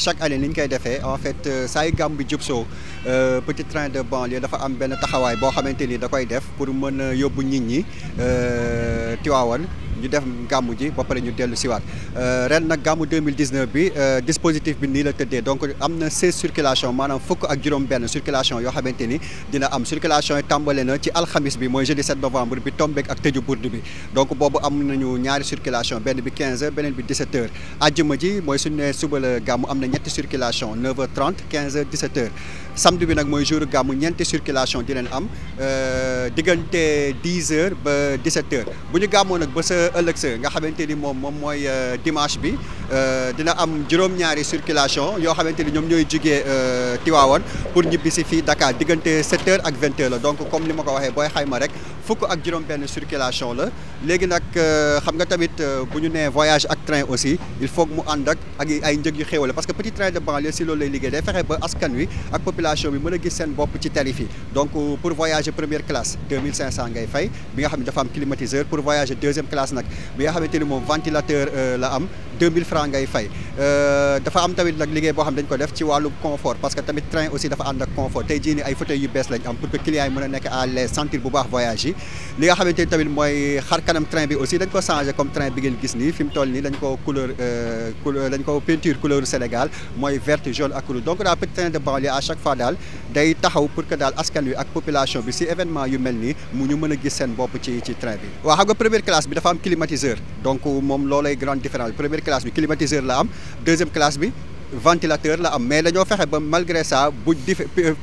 chaque année niñ koy défé en fait say gambe djopso euh petit train de banlieue dafa am ben taxaway bo xamanteni da koy def pour mëna yobbu nit ñi euh tiwawone ñu def gamu ji ba pare ñu dellu siwaat euh, ren nak gamu 2019 bi euh, dispositif bi ni la tëddee donc amna 16 circulation manam fukk ak juroom ben circulation yo xamanteni dina am circulation yi na ci alxamis bi moy jeudi 7 novembre bi tombeek ak teju burdu bi donc bobu am nañu ñaari circulation ben bi 15 h benen bi 17 h ajjuma ji moy suñu nee suba le gamu amna ñetti circulation 9 h 30 15 h 17 h samedi bi nag mooy jour gàmmu ñeenti circulation dinañ am euh, diggante 10 heures ba 17 heures bu ñu gàmmoo nag ba sa ëllëg sa nga xamante ni moom moom mooy euh, dimanche bi euh, dina am juróom-ñaari circulation yoo xamante ni ñoom ñooy jugee Tiwaawan pour ñibbi si fii Dakar diggante 7 heures ak 20 heures la donc comme li ma ko waxee booy xayma rek fukk ak juróom-benn circulation la léegi nak euh, xam nga tamit euh, buñu né voyage ak train aussi il faut mu ànd ak ay njëg yu xéwale parce que petit train de banlieue si loolu lay liggéey day fexé ba askan wi ak population bi mëna a gis seen bopp ci tarif yi donc euh, pour voyager première classe 2500 ngay fay bi nga xam ne dafa am climatiseur pour voyager deuxième classe nak bi nga xamante ni moom ventilateur la am. 2000 francs ngay fay euh dafa am tamit nak liguey bo xam dañ ko def ci walu confort parce que tamit train aussi dafa ànd ak confort tey jii ay fauteuil yu bess lañ am pour que client yi mën nek à l'aise sentir bu baax voyager li nga xamante tamit moy xar kanam train bi aussi dañ ko changer comme train bi ngeen gis ni fim mu toll nii dañ ko couleur euh dañ ko peinture couleur Sénégal moy verte jaune ak rouge donc daa petit train de banlieue à chaque fois dal day taxaw pour que dal askan wi ak population bi ci événement yu mel nii mu ñu mën gis sen bop ci ci train bi waaw xam nga première classe bi dafa am climatiseur donc mom loolay grande différence première classe bi climatiseur la am deuxième classe bi ventilateur la am mais dañoo fexe ba malgré ça bu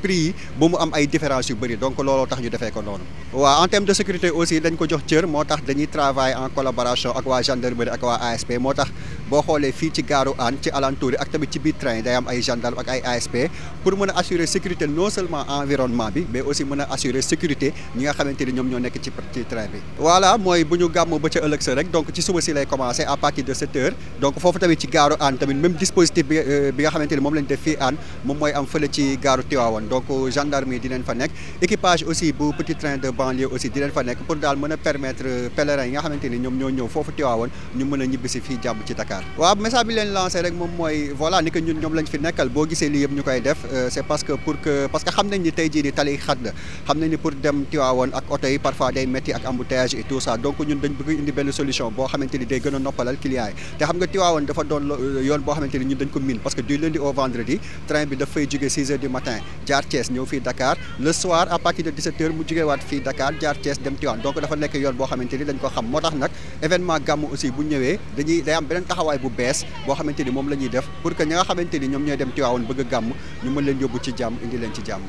prix yi bu mu am ay différence yu bëri donc looloo tax ñu defee ko noonu. Wa en terme de sécurité aussi dañ ko jox cër moo tax travailler en collaboration ak waa gendarmerie ak waa ASP moo boo xoolee fii ci gaaru Hann ci alentour yi ak tamit ci biir train day am ay gendarme ak ay ASP pour mën a assurer sécurité non seulement environnement bi mais aussi mën a assurer sécurité ñi nga xamante ni ñoom ñoo nekk ci ci train bi voilà mooy bu ñu gàmmoo ba ca lay commencé à partir de 7 heures donc foofu tamit ci gaaru Hann euh, nga xamante ni moom lañ def fii Hann moom mooy am fële ci gaaru Tivaouane donc gendarmerie nekk équipage aussi bu petit train de aussi dinañ fa nekk pour daal mën a permettre euh, pèlerins yi nga xamante ni ñoom ñoo ñëw foofu Tivaouane ñu mën a ñibbisi fii jàmm ci Dakar Dakar waaw message bi leen lancé rek moom mooy voilà ni que ñun ñoom lañ fi nekkal boo gisee lii yëpp ñu koy def c'est parce que pour que parce que xam nañ ni tey jii di tali xat la xam nañ ni pour dem Tivaouane ak oto yi parfois day métti ak embouteillage et tout ça donc ñun dañ bëgg indi benn solution boo xamante ni day gën a noppalal client yi te xam nga Tivaouane dafa doon yoon boo xamante ni ñun dañ ko miin parce que du lundi au vendredi train bi daf fay jóge 6 heures du matin jaar Thiès ñëw fii Dakar le soir à partir de 17 heures mu jógewaat fii Dakar jaar Thiès dem Tivaouane donc dafa nekk yoon boo xamante ni dañ ko xam moo tax nag événement gàmmu aussi bu ñëwee dañuy day am beneen taxaw waay bu bees boo xamante ni moom la ñuy def pour que ñi nga xamante ni ñoom ñooy dem Tiwaawoon bëgg a gàmm ñu mën leen yóbbu ci jàmm indi leen ci jàmm